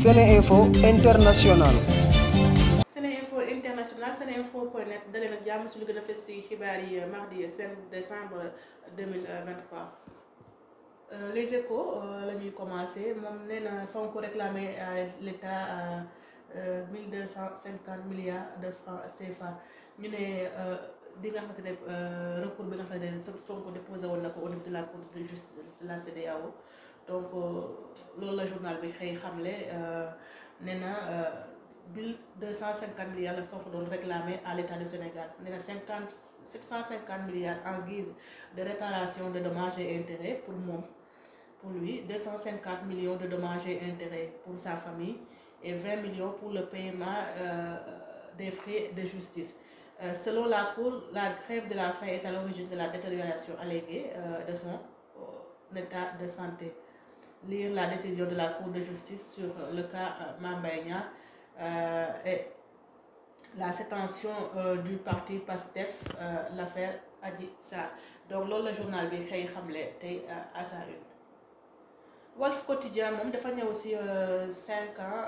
SeneInfo International SeneInfo International SeneInfo.net dalee nag jàmm si lu gën a fës si xibaar yi mardi 5 décembre 2023 Euh, les échos euh, la ñuy commencé moom nee na Sonko réclamé à l'État euh, mille deux cent cinquante milliards de francs CFA ñu ne euh, di nga xamante ne euh, recours bi nga xamante ne Sonko déposé woon na ko au niveau de la cour de justice de la CEDEAO donc euh, loolu la journal bi xëy xamle euh, nee na euh, bill 250 milliards la Sonko doon réclamé à l' état du Sénégal nee na 50 750 milliards en guise de réparation de dommages et intérêts pour moom pour lui 250 millions de dommages et intérêts pour sa famille et 20 millions pour le paiement euh, des frais de justice. Euh, selon la Cour, la grève de la fin est à l'origine de la détérioration alléguée euh, de son état de santé. lire la décision de la Cour de justice sur le cas euh, Mame Mbaye Niang euh, et la sétention euh, du parti PASTEF l'affaire aji Sarr donc loolu la journal bi xëy xamle tey à sa une Walf Quotidien moom dafa ñëw ci cinq ans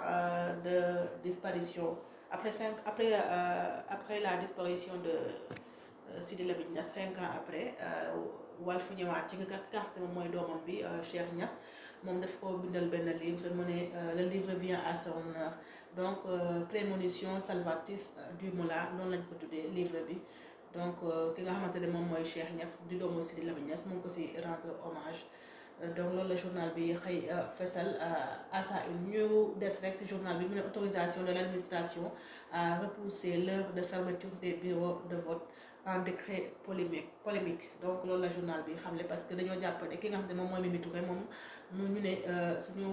de disparition cinq après après la disparition de Sidi Lamine Niass après Walf ñëwaat ci nga carte moom mooy doomam bi Cheikh Niass moom daf ko bindal benn livre mu ne euh, le livre vient à son honneur donc euh, prémonition salvatrice euh, du moula loolu lañ ko tuddee livre bi donc ki nga xamante ne moom mooy Cheikh Niass di doomu Sidi Lamine Niass mu ngi ko si rendre hommage donc loolu la journal bi xëy fesal assa une ñu des rek si journal bi mu ne autorisation de l' administration à repousser l'heure de fermeture des bureaux de vote en décret polémique polémique donc loolu la journal bi xam xamle parce que dañoo jàpp ne ki nga xam ne moom mooy Mimi moom mu ñu ne euh, suñu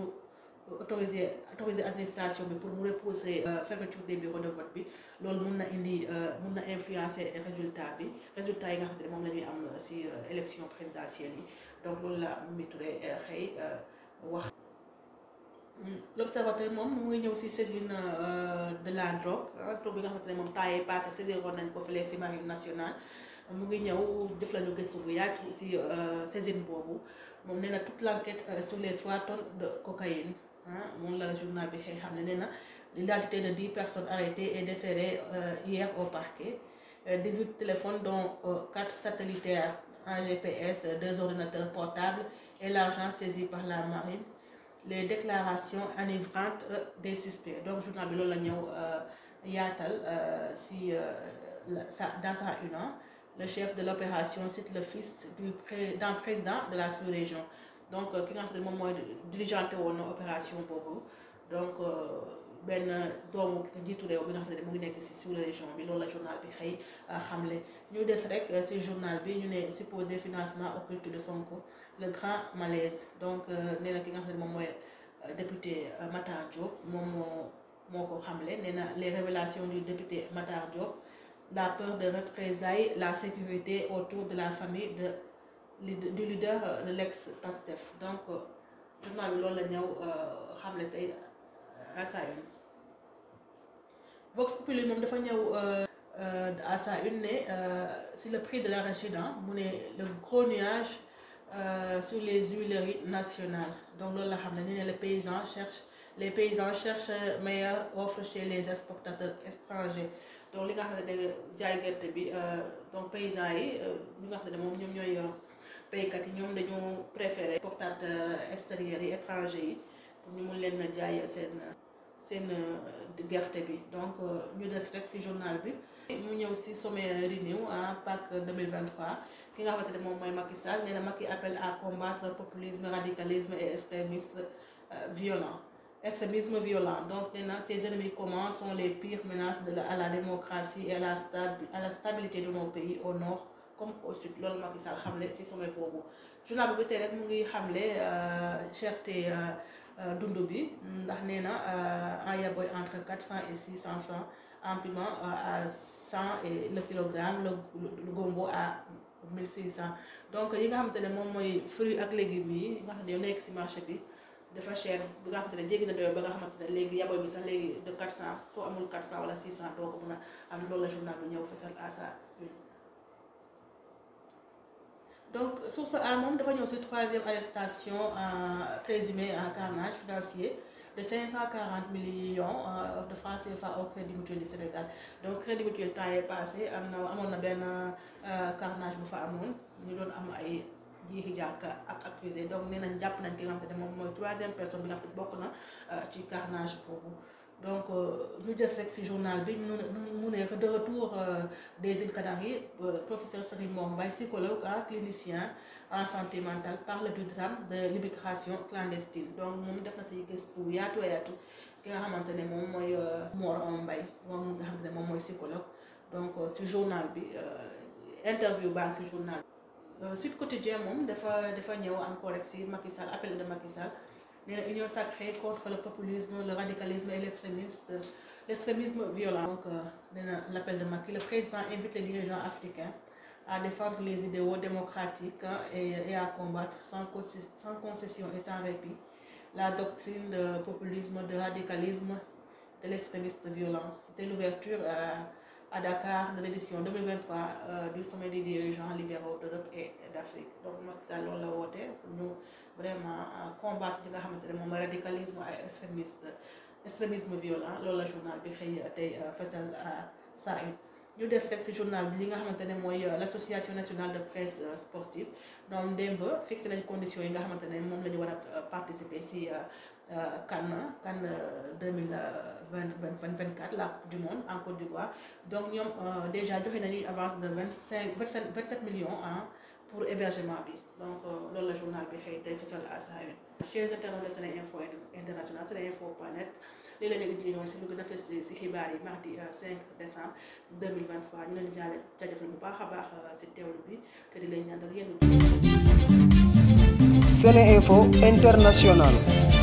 autorisé autorisé administration bi pour mu repousser euh, fermeture des bureaux de vote bi loolu mun na indi euh, mun na influencer résultat bi résultat yi nga xam ne moom la ñuy am ci élection présidentielle yi donc loolu la Mimi Touré wax l'observateur moom mu ngi ñëw si saisine euh, de la drogue toog euh, bi nga xamante ne moom temps yii passé saisir woon nañ ko fële si marine nationale mu ngi ñëw def lañu gëstu bu yaatu si euh, saisine boobu moom nee na toute l'enquête sur les trois tonnes de cocaïne moom la journal bi xëy xam ne nee na l'identité de di personnes arrêtées et déférées hier au parquet dix-huit téléphones dont quatre satellitaires en GPS deux ordinateurs portables et l'argent saisi par la marine les déclarations enivrantes des suspects donc journal bi loolu la ñëw euh, yaatal euh, si sa euh, dans sa une an le chef de l'opération cite le fils du d'un président de la sous-région donc ki nga xam ne moom mooy dirigeante woon na opération boobu donc. Euh, benn doomu njiitu réew bi nga xam ne mu ngi nekk si sur région bi loolu la journal bi euh, xam le ñu des rek euh, si journal bi ñu ne supposé financement occulte de Sonko le grand malaise donc euh, nee na ki nga xam ne moom mooy député Matar Diop moom moo moo ko xamle nee na les révélations du député Matar Diop la peur de représailles la sécurité autour de la famille de du leader de l'ex-Pastef donc journal bi loolu la ñëw xamle tey. à sa une Vox Populi moom dafa ñëw euh, euh, à sa une ne euh, si le prix de l'arachide mu ne le gros nuage sur les huileries nationales donc loolu la xam ne ne le paysan cherche les paysans cherchent meilleure offre chez les exportateurs étrangers donc li nga xam ne jaay gerte bi donc paysans yi li nga xam ne moom ñoom ñooy béykat yi ñoom dañoo préférer exportateurs extérieurs yi étrangers yi pour ñu mun leen na jaay seen. seen euh, gerte bi donc euh, ñu des rek ci journal bi. mu ñëw ci sommet Renew à ah, Pâques 2023 ki nga xamante ne moom mooy Macky Sall nee na Macky à combattre populisme radicalisme et extrémisme euh, violent extrémisme violent donc nee na ses ennemis communs sont les pires menaces la à la démocratie et à la à la stabilité de nos pays au nord. comme au sud loolu Macky Sall xamle ci sommet boobu journal bi tey rek mu ngi xamle cherté Euh, dund bi ndax nee na en euh, yaboy entre quatre cent et six cent francs en piment euh, à cent et le kilogramme le gombo à donc yi nga xamante ne moom mooy fruits ak légumes yi nga xam ne yow nekk si marché bi dafa cher bi nga xamante ne jéggi na doyoo ba nga xamante ne léegi yaboy bi sax léegi de quatre cent foo amul quatre cent wala six cent doo ko mën a am loolu la journal bi ñëw fesal à sa donc source A moom dafa ñëw si troisième arrestation euh, présumée en euh, carnage financier de 540 millions euh, de francs CFA au Crédit Mutuel du Sénégal donc Crédit Mutuel temps yii passé am na amoon na benn carnage bu fa amoon ñu doon am ay jiixi jàkk ak accusé donc nee nañ jàpp nañ ki nga xam ne moom mooy troisième personne bi nga xam te bokk na ci carnage boobu. donc euh, ñu jës rek ci journal bi mu mu nekk de euh, des îles Canaries euh, professeur Serigne Mor Mbaye psychologue ak clinicien en santé mentale parle du drame de l'immigration clandestine donc moom def na ci gëstu yaatu yaatu ki nga xamante ne moom mooy Mor Mbaye moom nga xamante moom mooy psychologue donc ci journal bi interview baa ngi ci journal bi Sud Quotidien moom dafa dafa ñëw encore rek ci Macky Sall appel de Macky nee na union sacrée contre le populisme le radicalisme et l'extrémisme l'extrémisme violent donc nee euh, l'appel de Macky le président invite les dirigeants africains à défendre les idéaux démocratiques et, et à combattre sans, concession et sans répit la doctrine de populisme de radicalisme de l'extrémisme violent c'était l'ouverture à Dakar de l'édition 2023 euh, du sommet des dirigeants libéraux d'Europe et d'Afrique donc Macky Sall loolu la woote pour ñu vraiment euh, combattre li nga xamante ne moom radicalisme ay extrémiste extrémisme violent lool la journal bi xëy euh, tey euh, fesal sa une ñu des rek ci journal bi li nga xamante ne mooy euh, l'association nationale de presse euh, sportive donc démb fixé nañ conditions yi nga xamante ne moom la ñu war a euh, participer ci CAN CAN 2024 la coupe du monde en Côte d'Ivoire donc ñoom déjà joxe nañu avance de vingt cinq vingt sept millions pour hébergement bi donc loolu la journal bi xëy tey fësal à sa une. chers internautes de Sénéinfo international Sénéinfo.net lii la ñu indi noonu si lu gën a fës si xibaar yi mardi 5 euh, décembre 2023 ñu leen di ñaanal jaajëfal bu baax a baax euh, si teewlu bi te di leen ñaanal yéen. Sene Info International.